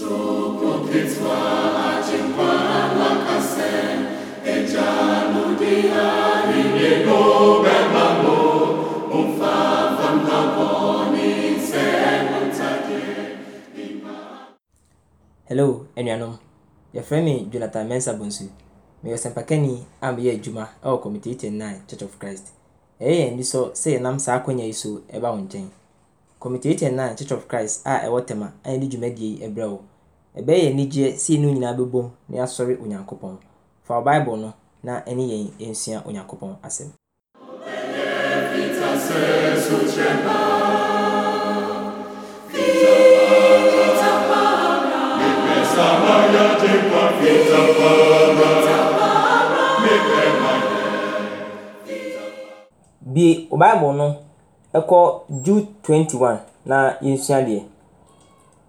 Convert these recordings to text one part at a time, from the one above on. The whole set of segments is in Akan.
Hello, anuanom. Yɛfrɛ me Jonathan Mensa Bonsu. Meyɛ sɛmpakani a meyɛ adwuma wɔ Community 89 Church of Christ. Ɛyɛ yɛn sɔ sɛ yɛnam saa akwannya yi so ɛba wo nkyɛn. Committee 89 Church of Christ a ɛwɔ Tema a ɛde dwumadie yi rebrɛ wo. Ɛbɛyɛ anigyeɛ sɛ yeinom nyinaa bɛbɔ mu na Onyankopɔn. Fa wo Bible no na ɛne yɛn nsua Onyankopɔn asɛm. Bie, Bible no ɛkɔ Jude 21 na yɛnsua deɛ.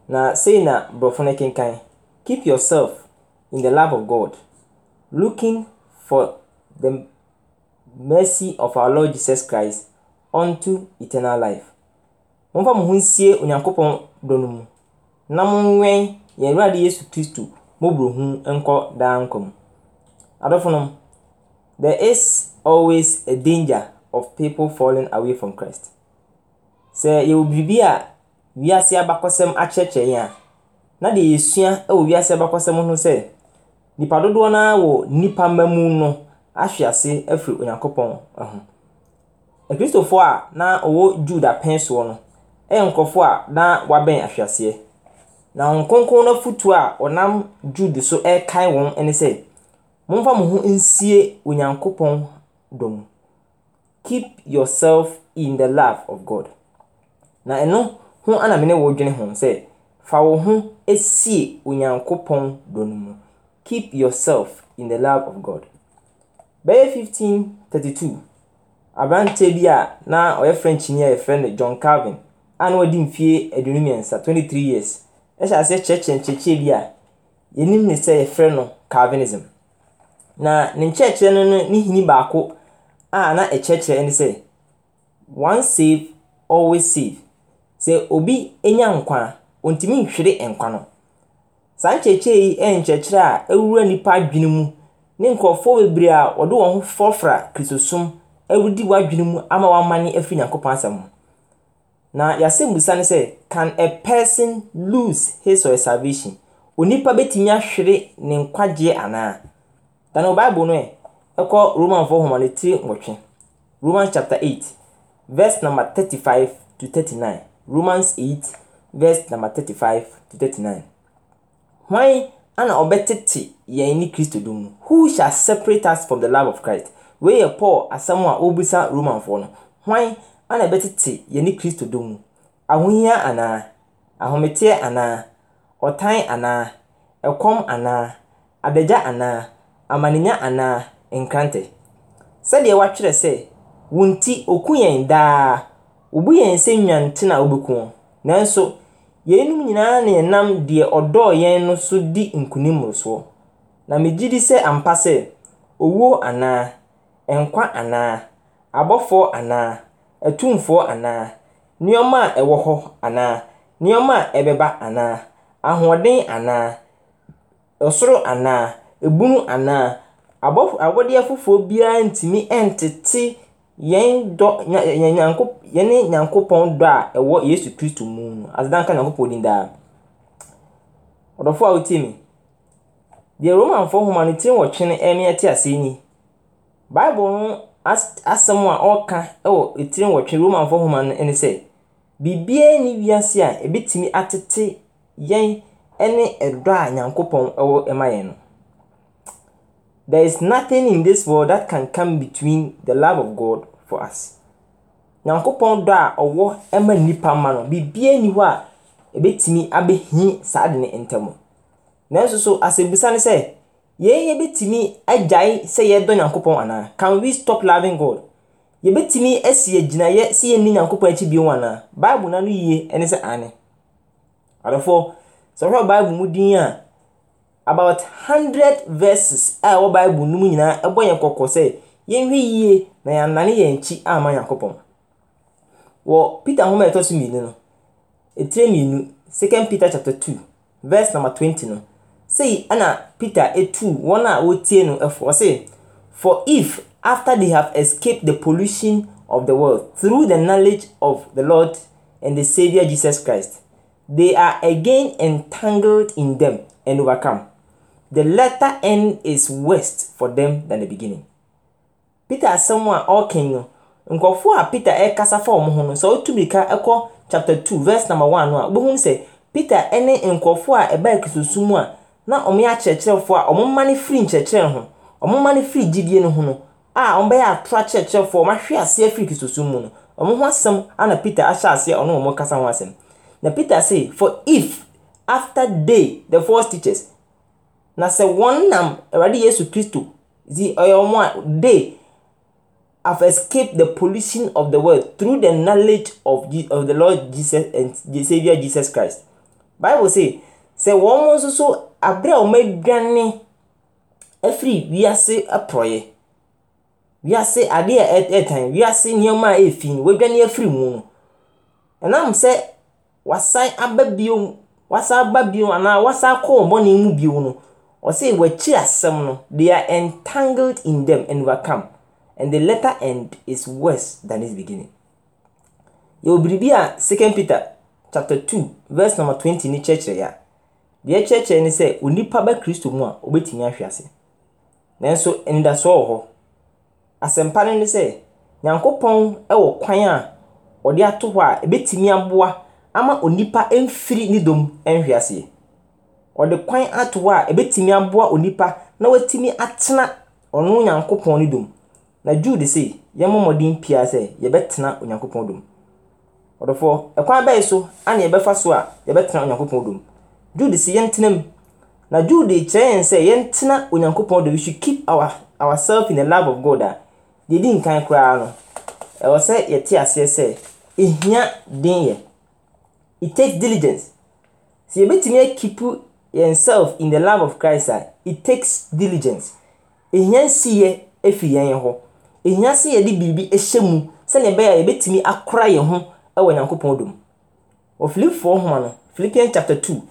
Na sei na borɔfo no kenkan. Keep yourself in the love of God, looking for the mercy of our Lord Jesus Christ unto eternal life. Momfa mo ho nsie Onyankopɔn dɔ no mu na monwɛn yɛn Awurade Yesu Kristo mmɔborɔhu nkɔ daa nkwa mu. Adɔfonom, there is always a danger of people falling away from Christ sɛ yɛwɔ biribi a wiase abakɔsɛm akyerɛkyerɛ yɛn a na deɛ yɛsua wɔ wiase abakɔsɛm ho sɛ nipa dodoɔ no ara wɔ nipa mmamu no ahwe ase afiri onyankopɔn ho akristofoɔ a na wɔwɔ juda pɛn soɔ no yɛ nkurɔfoɔ a na wɔabɛn ahweaseɛ na wɔn kronkron no afotuo a ɔnam jude so ɛrekan wɔn ne sɛ momfa mo ho nsie onyankopɔn dɔ mu keep yourself in the love of god na ɛno ho ana me ne wo dwene ho sɛ fa wo ho sie onyankopɔn dɔ no mu keep yourself in the love of god bɛyɛ 1532 aberanteɛ bi a na ɔyɛ frenchni a yɛfrɛ no john calvin a na wadi mfeɛ aduonu mmiɛnsa 23 years ɛhyɛ aseɛ kyerɛkyerɛ nkyerɛkyerɛ bi a yɛnim ne sɛ yɛfrɛ no calvinism na ne nkyerɛkyerɛ no ne hini baako a na ɛkyerɛkyerɛ ne sɛ one save always save sɛ obi anya nkwa a ɔntumi nhwere nkwa no saa nkyerɛkyerɛ yi nkyerɛkyerɛ a ɛwura nipa adwene mu ne nkurɔfoɔ bebree a wɔde wɔn ho fɔfra kristosom ɛredi w'adwene mu ama w'amane afiri nyankopɔn asɛm ho na yɛasɛm mbusa ne sɛ can a person lose his or her salvation onipa bɛtumi ahwere ne nkwagyeɛ anaa da no bible no ɛ ɛkɔ romanfoɔ homa no tiri nwɔtwe romans chapter 8 verse number 35 to 39 Romans 8 verse number 35 to 39. Why ana ɔbɛtete yɛn ne Kristo dom no? Who shall separate us from the love of Christ? Wei yɛ Paul asɛm a Roman Romanfoɔ no. Hwan ana ɛbɛtete yɛn ne Kristo do? no? Ahohia anaa? Ahometeɛ anaa? Ɔtan anaa? Ɛkɔm anaa? Adagya anaa? Amanenya anaa? Nkrantɛ? Sɛdeɛ wɔatwerɛ sɛ, “Wo nti, oku yɛn daa.” Obu yɛn sɛ nnwantena a obekum wɔn, nanso yeinom nyinaa na yɛnam deɛ ɔdɔɔ yɛn no so di nkonim mmorosoɔ. Na megye di sɛ ampa sɛ, owuo anaa, nkwa anaa, abɔfoɔ anaa, atumfoɔ anaa, nneɛma a ɛwɔ hɔ anaa, nneɛma a ɛbɛba anaa, ahoɔden anaa, ɔsoro anaa, ebunu anaa, abɔf abɔdeɛ foforɔ biara ntumi ntete yɛn dɔ yɛn nyanko yɛne nyankopɔn dɔ a ɛwɔ yesu kristo mu no aseda nka nyankopɔn din daa ɔdɔfo a wotie mi deɛ romanfoɔ nhoma no tiri wɔtwene ɛne ɛte ase ni bible no asɛm a ɔreka ɛwɔ tiri wɔtwe romanfoɔ nhoma no ɛne sɛ biribiara ni wiase a ebitumi atete yɛn ɛne ɛdɔ a nyankopɔn ɛwɔ ɛma yɛn no. There is nothing in this world that can come between the love of God wɔ ase nyankopɔn dɔ a ɔwɔ ma nnipa ma no biribiara nni hɔ a ɛbɛtumi abɛhi saa ade no ntam nanso so asɛmbusa ne sɛ yɛn yɛbɛtumi agyae sɛ yɛdɔ nyankopɔn anaa can we stop loving god yɛbɛtumi asi agyinaeɛ sɛ yɛnni nyankopɔn akyi bio anaa bible na no yie ne sɛ ane adɔfoɔ sɛ wohwɛ bible mu din a about 100 verses a ɛwɔ bible no mu nyinaa ɛbɔ yɛn kɔkɔ sɛ yɛnhwɛ yie na yɛannane yɛn akyi amma nyankopɔn wɔ peter nwoma a ɛtɔ so mmienu no ɛtire mmienu second peter chapter two verse number twenty no sei ɛna peter etu wɔn a wɔtie no ɛfo ɔse for if after they have escaped the pollution of the world through the knowledge of the lord and the saviour jesus christ they are again entangled in them and overcome the latter end is worse for them than the beginning Peter asɛm a ɔrekan no, nkurɔfoɔ a Peter rekasa fa wɔn ho no, sɛ wotumi ka chapter 2 verse number 1 a wobɛhu sɛ Peter ne nkurɔfoɔ a ɛbaa mu a na yɛ akyerɛkyerɛfoɔ a wɔmane firi nkyerɛkyerɛ ho, firi gyidie no no a bɛyɛ akyerɛkyerɛfoɔ wɔahwe ase mu no, wɔn ho asɛm na Peter ahyɛ aseɛ a wɔn kasa ho asɛm. Na Peter say for if have escaped the pollution of the world through the knowledge of, Je- of the Lord Jesus and the Savior Jesus Christ. Bible say, sɛ wɔn mo nso so abere a wɔn adwane afiri wiase aporɔeɛ wiase adeɛ a ɛtan wiase nneɛma a ɛfi no wɔadwane afiri mu no ɛnam sɛ wasan aba bio wasan aba bio anaa wasan akɔ wɔn bɔne mu bio no ɔsɛ wɔakyi asɛm no they are entangled in them and overcome and the latter end is worse than its beginning yɛwɔ biribi a second peter chapter two, verse number 20 ne kyerɛkyerɛ a deɛ ɛkyerɛkyerɛ ne sɛ onipa ba kristo mu a obetumi ahwe ase nanso anidasoɔ wɔ hɔ asɛmpa no ne sɛ nyankopɔn wɔ kwan a ɔde ato hɔ a ebetumi aboa ama onipa mfiri ne dom nhwe aseɛ ɔde kwan ato hɔ a ebetumi aboa onipa na watumi atena ɔno nyankopɔn ne dom na jude se yɛmmɔ mmɔden pia sɛ yɛbɛtena onyankopɔn dom ɔdɔfoɔ ɛkwan bɛyɛ so ane yɛbɛfa so a yɛbɛtena onyankopɔn dom jude se yɛntena mu na jude kyerɛ yɛn sɛ yɛntena onyankopɔn dom we should keep our ourselves in the love of god a deɛ di nkan koraa no ɛwɔ sɛ yɛte aseɛ sɛ ehia den yɛ it takes diligence sɛ yɛbɛtumi akipu yɛnself in the love of christ a it takes diligence ehia si yɛ efi yɛn hɔ ɛhia sɛ yɛde biribi hyɛ mu sɛdeɛ ɛbɛyɛ a yɛbɛtumi akora yɛn ho wɔ nyankopɔn dom wɔ filipifoɔ homa no philippians chapter two,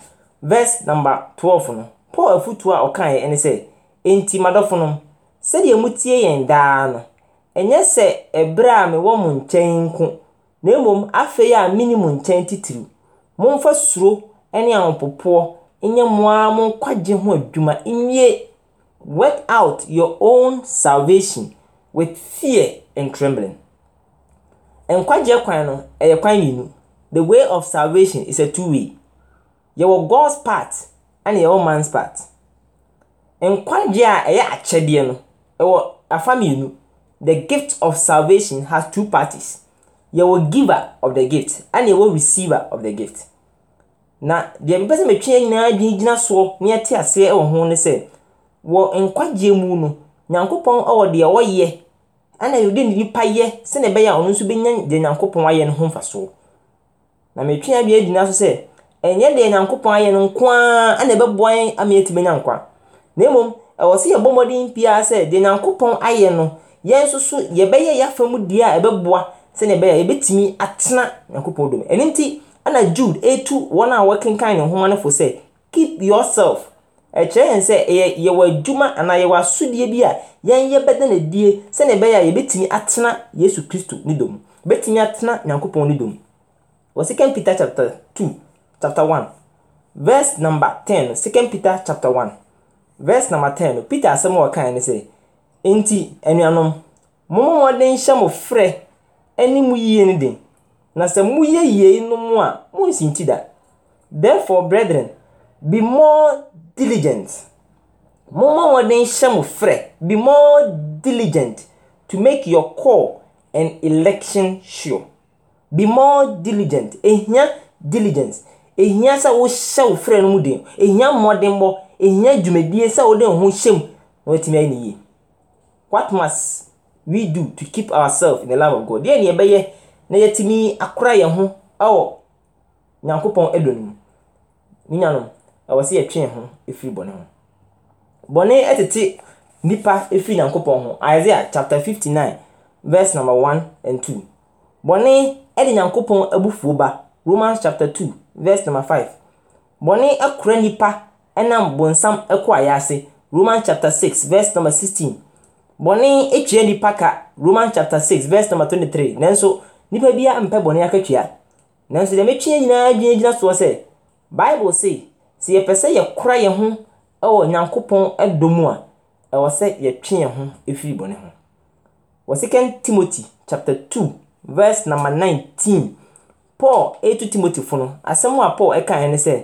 verse number twelve. no paul afotuo a ɔkaeɛ ne sɛ enti madɔfonom sɛdeɛ mutie yɛn daa no ɛnyɛ sɛ ɛberɛ a mewɔ mo nkyɛn nko na mmom afei a mene mo nkyɛn titiriw momfa suro ne ahopopoɔ nyɛ mmoa mo nkwagye ho adwuma nnye work out your own salvation with fear and trembling. Nkwagye kwan no ɛyɛ kwan mmienu. The way of salvation is a two way. Yɛwɔ God's part ɛna yɛwɔ man's part. Nkwagye a ɛyɛ akyɛdeɛ no ɛwɔ afa mmienu. The gift of salvation has two parties. Yɛwɔ giver of the gift ɛna yɛwɔ receiver of the gift. Na deɛ mpɛ sɛ metwe nyinaa gyinagyina soɔ na yɛte aseɛ ɛwɔ ho ne sɛ wɔ nkwagye mu no nyankopɔn wɔ deɛ ɔyɛ ɛna deɛ ɔde ne nipa yɛ sɛnea ɛbɛyɛ a ɔno nso bɛnya deɛ nyankopɔn ayɛ no ho mfasoɔ na metwea bi adi so sɛ ɛnyɛ deɛ nyankopɔn ayɛ no nko ara ɛna ɛbɛboa yɛn ama yɛtumi nya nkwa na mmom ɛwɔ sɛ yɛbɔ mmɔden biara sɛ deɛ nyankopɔn ayɛ no yɛn nso so yɛbɛyɛ yɛafa mu deɛ a ɛbɛboa sɛnea ɛbɛyɛ a yɛbɛtumi atena nyankopɔn dom ɛno nti ɛna jude etu wɔn a wɔkenkan ne nhoma no fo sɛ keep yourself ɛkyerɛ yɛn sɛ ɛyɛ yɛwɔ adwuma anaa yɛwɔ asodie bi a yɛn yɛ bɛda na die sɛnea ɛbɛyɛ a yɛbɛtumi atena yesu kristo ne dom yɛbɛtumi atena nyankopɔn ne dom wɔ second peter chapter two chapter one verse number ten second peter chapter one verse number ten peter asɛm a ɔkan ne sɛ nti anuanom momo hyɛ mo frɛ ne mu yie no den na sɛ moyɛ yie no mu a monsi nti da therefore brethren be more diligent mommɔ mmɔden hyɛ mo frɛ be more diligent to make your call and election sure be more diligent ehia diligence ehia sɛ wohyɛ wo frɛ no mu den ehia mmɔdenbɔ ehia dwumadie sɛ wode wo ho hyɛ mu na watumi ayɛ ne yie what must we do to keep ourselves in the love of god deɛ neɛ ɛbɛyɛ na yɛatumi akora yɛn ho awɔ nyankopɔn adɔ no mu ne nyanom ɛwɔ sɛ yɛtwe ho ɛfiri bɔne ho bɔne ɛtete nipa ɛfiri nyankopɔn ho Isaiah chapter fifty nine, verse number one and 2 bɔne ɛde nyankopɔn abufuo ba romans chapter two, verse number 5 bɔne ɛkora nipa ɛnam bonsam ɛkɔ ayase romans chapter six, verse number 16 bɔne ɛtua nipa ka romans chapter six, verse number twenty 23 nanso nipa biara mpɛ bɔne akatua nanso deɛ mɛtwe nyinaa gyinagyina soɔ sɛ bible say sɛ yɛpɛ sɛ yɛkora yɛn ho wɔ nyankopɔn dɔ a ɛwɔ sɛ yɛtwe yɛn ho firi bɔne ho wɔ 2 timothy chapter two verse number nineteen paul ɛreto timothyfo no asɛm a paul ɛkaeɛ ne sɛ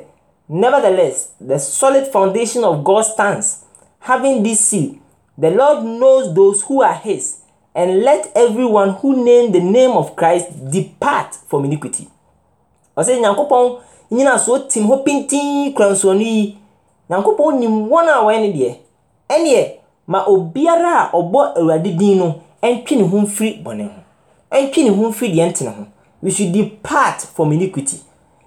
nevertheless the solid foundation of god stands having this seal the lord knows those who are his and let everyone who name the name of christ depart from iniquity ɔsɛ nyankopɔn nyina so tim hɔ pintin kura nsuo no yi nyankopɔn nim wɔn a wɔyɛ ne deɛ ɛneɛ ma obiara a ɔbɔ awurade din no ɛntwe ne ho mfiri bɔne ho ɛntwe ne ho mfiri deɛ ntene ho we should depart from iniquity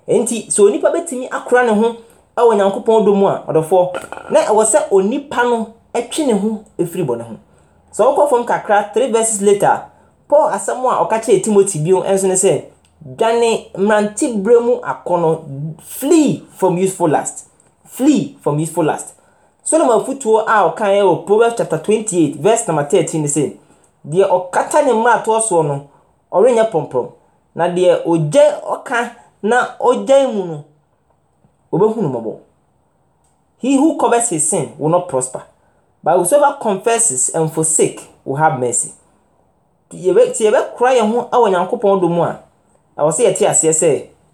nti sɛ onipa bɛtumi akora ne ho ɛwɔ nyankopɔn dɔ mu a ɔdɔfoɔ na ɛwɔ sɛ onipa no ɛtwe ne ho ɛfiri bɔne ho sɛ wokɔ fam kakra three verses later paul asɛm a ɔka kyerɛɛ timothy bio nso ne sɛ dwane mmeranteberɛ mu akɔnnɔ flee from useful lust flee from useful lust solomon afotuo a ɔkan wɔ proverbs chapter twenty eight verse number thirteen ne se. deɛ ɔkata ne mmeratoɔ soɔ no ɔrenyɛ pɔmpɔm na deɛ ogye ɔka na ogye mu no obehu no he who covers his sin will not prosper but whosoever confesses and forsake will have mercy. tiɛ bɛ tiɛ bɛ kura yɛn ho ɛwɔ nyankopɔn do mu a na wɔsɛ yɛte aseɛ sɛ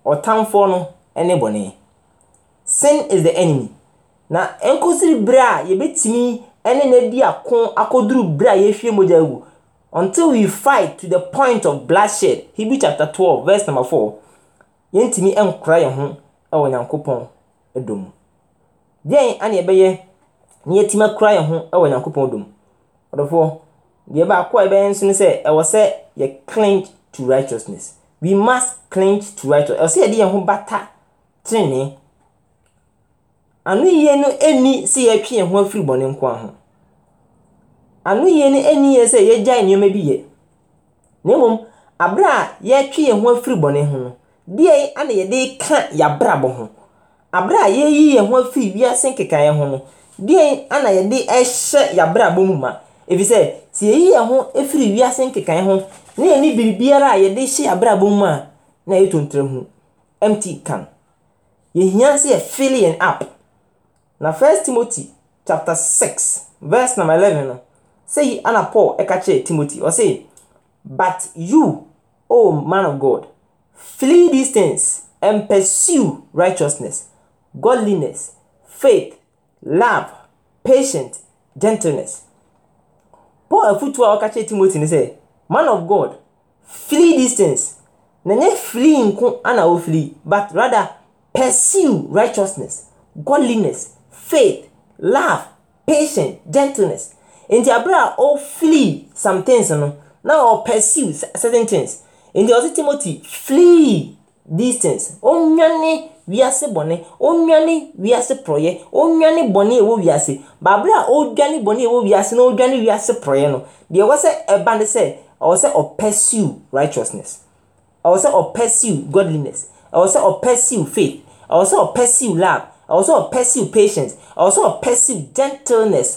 ɔtamfoɔ no ne bɔne sin is the enemy na nkosiri berɛ a yɛbɛtumi ne no adi ako akɔduru berɛ a yɛhwie mogya agu until we fight to the point of bloodshed hebrew chapter twelve verse number four yɛntumi nkora yɛn ho wɔ nyankopɔn dɔ mu deɛn ana yɛbɛyɛ na yɛtumi akora yɛn ho wɔ nyankopɔn dɔ mu ɔdɔfoɔ deɛ baako a yɛbɛyɛ nso ne sɛ ɛwɔ sɛ yɛ cling to righteousness we must cling to righteous ɛsɛ yɛde yɛn ho bata tenenee ano yie no ɛni sɛ yɛatwe yɛn ho afiri bɔne nko ho ano yie no ɛni yɛ sɛ yɛgyae nneɛma bi yɛ na mmom abere a yɛatwe yɛn ho afiri bɔne ho no deɛ ana yɛde ka yɛabrabɔ ho abere a yɛyi yɛn ho afiri wiase nkekaeɛ ho no deɛ ana yɛde ɛhyɛ yɛabrabɔ mu ma efisɛ sɛ yɛyi yɛn ho afiri wiase nkekaeɛ ho ne yɛne biribiara a yɛde hyɛ abrabɔ mu a na yɛ tontoro ho empty can yɛhia sɛ yɛfili yɛn up na first timothy chapter six verse number eleven no say ana paul ɛka kyerɛ timothy ɔse but you o oh man of god flee these things and pursue righteousness godliness faith love patience gentleness paul afutuo a ɔka kyerɛ timothy ne sɛ man of god flee these things n'enye flee nko ana o flee, but rather pursue righteousness godliness faith love patience gentleness nti abere a ofiri some things no na o pursue certain things nti ọsị timothy flee these things onwane wiase bọne onwane wiase prọyẹ onwane bọne ewo wiase baabere o odwane bọne ewo wiase na odwane wiase prọyẹ no deɛ wɔsɛ ɛba ne sɛ ɔwɔ sɛ ɔpursue righteousness ɔwɔ sɛ ɔpursue godliness ɔwɔ sɛ ɔpursue faith ɔwɔ sɛ ɔpursue love ɔwɔ sɛ ɔpursue patience ɔwɔ sɛ ɔpursue gentleness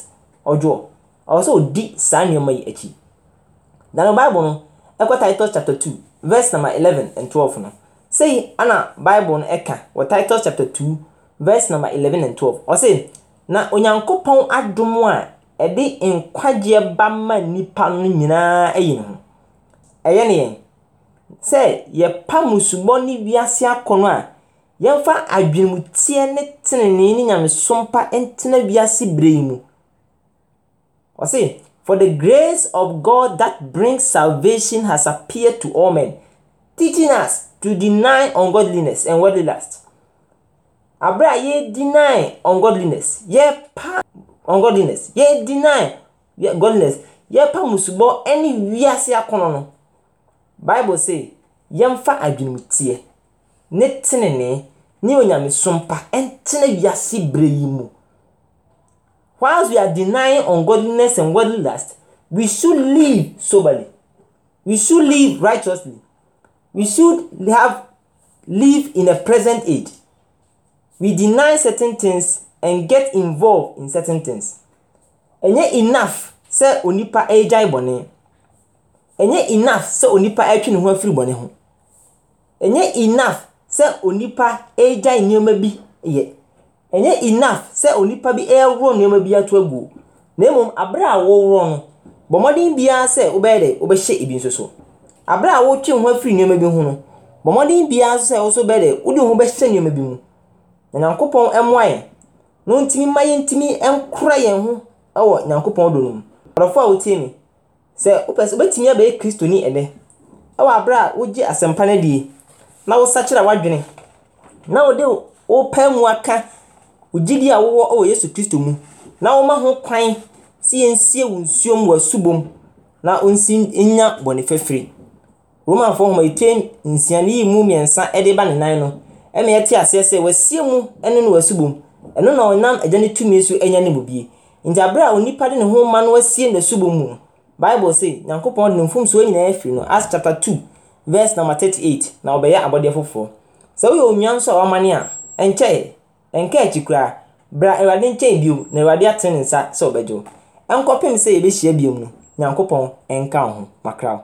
ɔdwoɔ ɔwɔ sɛ ɔdi saa nneɛma yi akyi na no bible no ɛkɔ titus chapter two verse number eleven and twelve no sei ana bible no ɛka wɔ titus chapter two verse number eleven and twelve ɔse na onyankopɔn adom a ɛde nkwagyeɛ ba ma nnipa no nyinaa ɛyɛ ne ho ɛyɛ ne yɛn sɛ yɛpa musubɔ ne wiase akɔnɔ a yɛmfa adwenemteɛ ne tenenee ne nyamesompa ntena wiase bere mu ɔse for the grace of god that brings salvation has appeared to all men teaching us to deny ungodliness and worldly lust abere a yɛdeny ungodliness yɛpa ungodliness yɛ deny godliness yɛpa musubɔ ne wiase akɔnɔ no bible say yɛmfa adwenemteɛ ne tenenee ne onyamesompa ntena wiase bere yi mu whilst we are denying ungodliness and worldly lust we should live soberly we should live righteously we should have live in a present age we deny certain things and get involved in certain things ɛnyɛ enough sɛ onipa ɛregyae bɔne ɛnyɛ enough sɛ onipa ɛretwe ne ho afiri bɔne ho ɛnyɛ enough sɛ onipa ɛregyae nneɛma bi yɛ ɛnyɛ enough sɛ onipa bi ɛreworɔ nneɛma bi ato agu na mmom abere a wɔworɔ no bɔ biara sɛ wobɛyɛ dɛ wobɛhyɛ ebi nso so abere a wɔretwe ho afiri nneɛma bi ho no bɔ mmɔden biara nso sɛ wɔso bɛyɛ dɛ wode ho bɛhyɛ nneɛma bi mu na nyankopɔn ɛmmoa yɛn na ɔntumi mma yɛntumi nkora yɛn ho wɔ nyankopɔn dɔ no mu ɔdɔfoɔ a wotie me sɛ wopɛ sɛ wobɛtumi abɛyɛ kristoni ɛnɛ ɛwɔ aberɛ a wogye asɛmpa no adie na wosakyera w'adwene na wode wopaa mu aka wo gyidi a wowɔ wɔ yesu kristo mu na woma ho kwan sɛ yɛnsie wo nsuom wɔ asubom na ɔnsi nya bɔne fɛfiri romanfoɔ homayɛtue nsiane yi mu mmiɛnsa de ba ne nan no ɛma yɛte aseɛ sɛ wasie mu ne no wasubom ɛno na ɔnam agya ne tumi so anya ne mu bie nti abere a onipa de ne ho ma no asie ne subɔ mu no bible se nyankopɔn de ne mfomsoɔ nyinaa afiri no acts chapter two verse number thirty eight na ɔbɛyɛ abɔdeɛ foforɔ sɛ woyɛ onua nso a wamane a ɛnkyɛe ɛnka akyi koraa bra awurade nkyɛn biom na awurade atene ne nsa sɛ ɔbɛgye wo ɛnkɔpem sɛ yɛbɛhyia biom no nyankopɔn ɛnka wo ho makraw